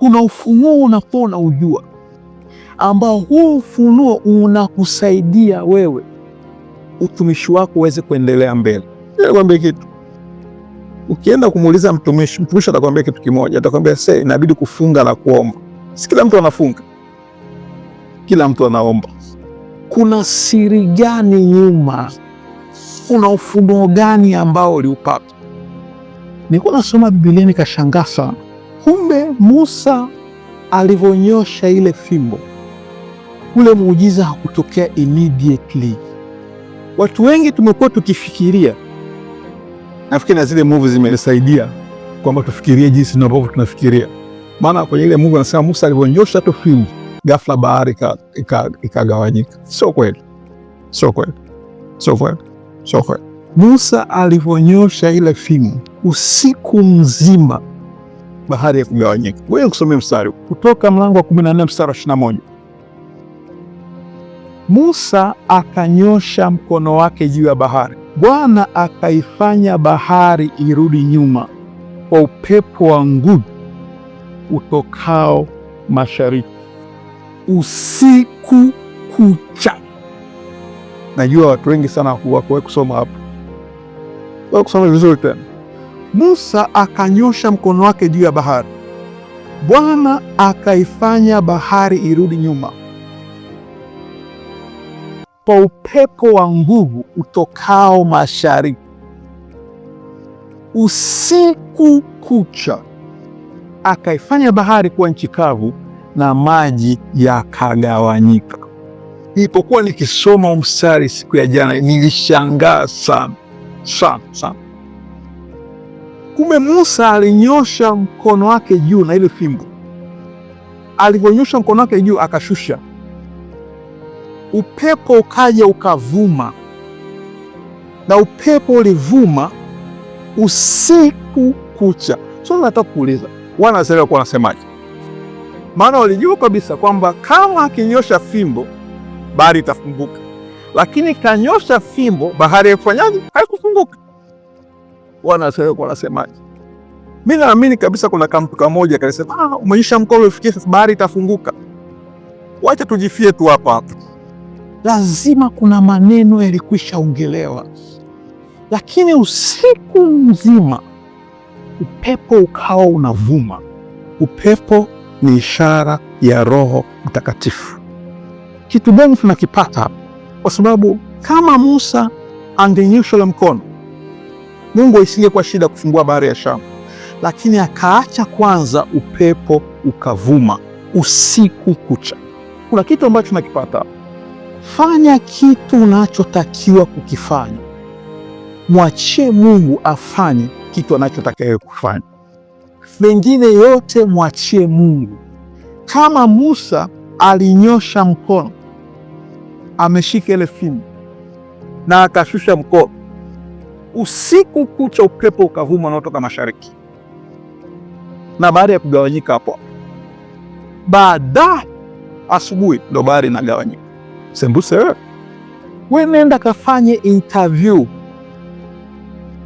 kuna ufunuo unakuwa unaujua, ambao huu ufunuo unakusaidia wewe utumishi wako uweze kuendelea mbele. Nikwambie kitu, ukienda kumuuliza mtumishi, mtumishi atakwambia kitu kimoja, atakwambia se, inabidi kufunga na kuomba. Si kila mtu anafunga, kila mtu anaomba. Kuna siri gani nyuma? Kuna ufunuo gani ambao uliupata? Nilikuwa nasoma Biblia nikashangaa sana, kumbe Musa alivyonyosha ile fimbo, ule muujiza hakutokea immediately. Watu wengi tumekuwa tukifikiria, nafikiri na zile movie zimesaidia kwamba tufikirie jinsi ambavyo tunafikiria, maana kwenye ile movie anasema Musa alivyonyosha tu fimbo, ghafla bahari ikagawanyika. Sio kweli, sio kweli, sio kweli, sio kweli. Musa alivyonyosha ile fimbo usiku mzima bahari ya kugawanyika. Wewe kusomea mstari Kutoka mlango wa 14 mstari wa 21. Musa akanyosha mkono wake juu ya bahari, Bwana akaifanya bahari irudi nyuma kwa upepo wa nguvu utokao mashariki usiku kucha. Najua watu wengi sana hawakuwahi kusoma hapo, kusoma vizuri tena Musa akanyosha mkono wake juu ya bahari, Bwana akaifanya bahari irudi nyuma kwa upepo wa nguvu utokao mashariki. Usiku kucha akaifanya bahari kuwa nchi kavu na maji yakagawanyika. Nilipokuwa nikisoma mstari siku ya jana nilishangaa sana sana sana. Kumbe Musa alinyosha mkono wake juu na ile fimbo, alivyonyosha mkono wake juu akashusha, upepo ukaja ukavuma, na upepo ulivuma usiku kucha. So nataka kuuliza wana Israeli walikuwa wanasemaje? Maana walijua kabisa kwamba kama akinyosha fimbo bahari itafunguka, lakini kanyosha fimbo bahari haiku wana nasema. Mi naamini kabisa kuna kampu kamoja kasema, ah, umeisha mkono ufikie sasa, bahari itafunguka. Wacha tujifie tu hapa. Lazima kuna maneno yalikwisha ongelewa, lakini usiku mzima upepo ukawa unavuma. Upepo ni ishara ya Roho Mtakatifu. Kitu gani tunakipata hapa? Kwa sababu kama Musa angenyoshwa mkono Mungu isingekuwa shida kufungua bahari ya Shamu, lakini akaacha kwanza upepo ukavuma usiku kucha. Kuna kitu ambacho nakipata, fanya kitu unachotakiwa kukifanya, mwachie Mungu afanye kitu anachotakiwa kufanya, mengine yote mwachie Mungu. Kama Musa alinyosha mkono, ameshika ile fimbo na akashusha mkono usiku kucha, upepo ukavuma unaotoka mashariki, na baada ya kugawanyika hapo baada asubuhi, ndo bahari inagawanyika. Sembuse wewe, we nenda kafanye interview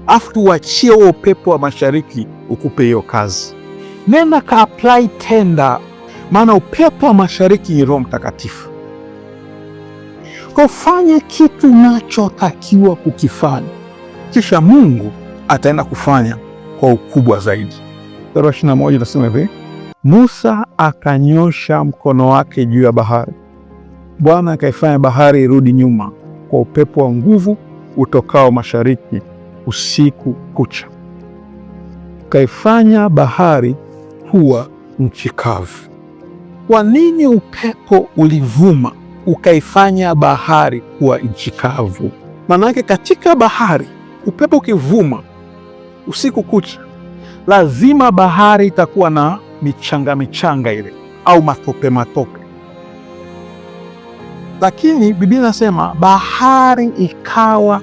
afu tuachie huo upepo wa mashariki ukupe hiyo kazi. Nenda ka apply tenda, maana upepo wa mashariki ni Roho Mtakatifu. Kufanya kitu nachotakiwa kukifanya kisha Mungu ataenda kufanya kwa ukubwa zaidi. Sura ishirini inasema hivi, Musa akanyosha mkono wake juu ya bahari, Bwana akaifanya bahari irudi nyuma kwa upepo wa nguvu utokao mashariki usiku kucha, kaifanya bahari kuwa nchi kavu. Kwa nini upepo ulivuma ukaifanya bahari kuwa nchi kavu? Maanake katika bahari Upepo ukivuma usiku kucha, lazima bahari itakuwa na michanga michanga ile au matope matope, lakini Biblia inasema bahari ikawa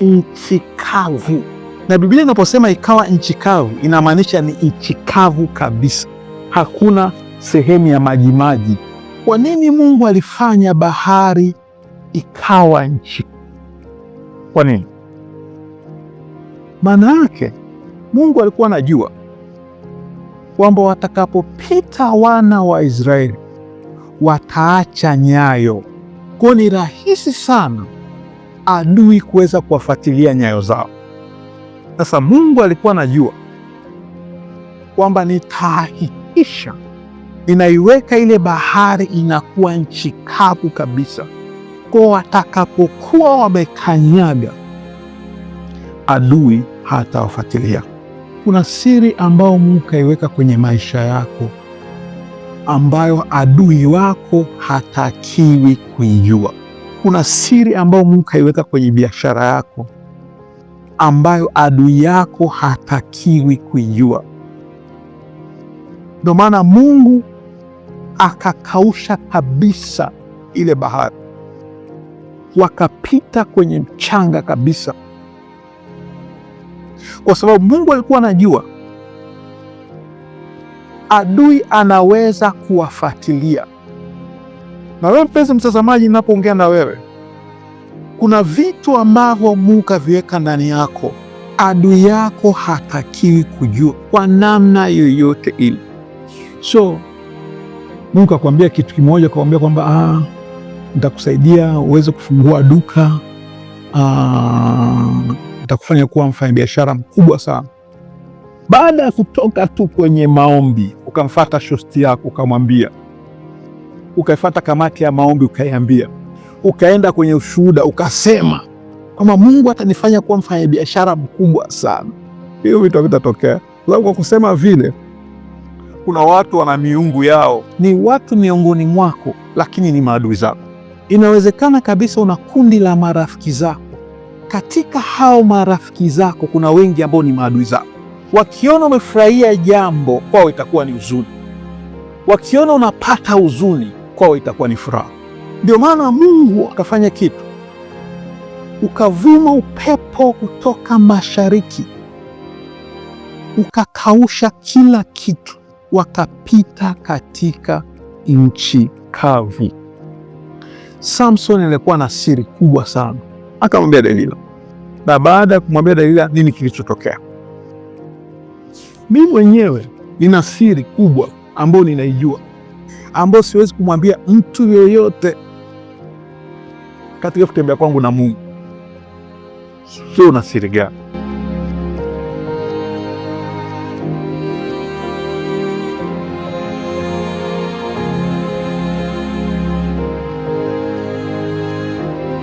nchi kavu. Na Biblia inaposema ikawa nchi kavu, inamaanisha ni nchi kavu kabisa, hakuna sehemu ya majimaji. Kwa nini Mungu alifanya bahari ikawa nchi? Kwa nini? Maana yake Mungu alikuwa anajua kwamba watakapopita wana wa Israeli wataacha nyayo, kwa ni rahisi sana adui kuweza kuwafuatilia nyayo zao. Sasa Mungu alikuwa anajua kwamba nitahakikisha inaiweka ile bahari inakuwa nchi kavu kabisa, kwa watakapokuwa wamekanyaga adui hata wafatilia Kuna siri ambayo Mungu kaiweka kwenye maisha yako ambayo adui wako hatakiwi kuijua. Kuna siri ambayo Mungu kaiweka kwenye biashara yako ambayo adui yako hatakiwi kuijua. Ndio maana Mungu akakausha kabisa ile bahari, wakapita kwenye mchanga kabisa kwa sababu Mungu alikuwa anajua adui anaweza kuwafuatilia. Na wewe mpenzi mtazamaji, ninapoongea na wewe, kuna vitu ambavyo Mungu kaviweka ndani yako, adui yako hatakiwi kujua kwa namna yoyote ile. So Mungu kakwambia kitu kimoja, kakwambia kwamba ah, nitakusaidia uweze kufungua duka ah, atakufanya kuwa mfanyabiashara mkubwa sana. Baada ya kutoka tu kwenye maombi, ukamfata shosti yako ukamwambia, ukaifata kamati ya maombi ukaiambia, ukaenda kwenye ushuhuda ukasema kwamba Mungu atanifanya kuwa mfanyabiashara mkubwa sana. Hiyo vitu havitatokea sababu kwa kusema vile kuna watu wana miungu yao, ni watu miongoni mwako, lakini ni maadui zako. Inawezekana kabisa una kundi la marafiki zako katika hao marafiki zako kuna wengi ambao ni maadui zako. Wakiona umefurahia jambo, kwao itakuwa ni huzuni. Wakiona unapata huzuni, kwao itakuwa ni furaha. Ndio maana Mungu akafanya kitu, ukavuma upepo kutoka mashariki, ukakausha kila kitu, wakapita katika nchi kavu. Samson alikuwa na siri kubwa sana, akamwambia Delila, na baada ya kumwambia Dalila nini kilichotokea. Mimi mwenyewe nina siri kubwa ambayo ninaijua, ambayo siwezi kumwambia mtu yoyote katika kutembea kwangu na Mungu. Sio na siri gani?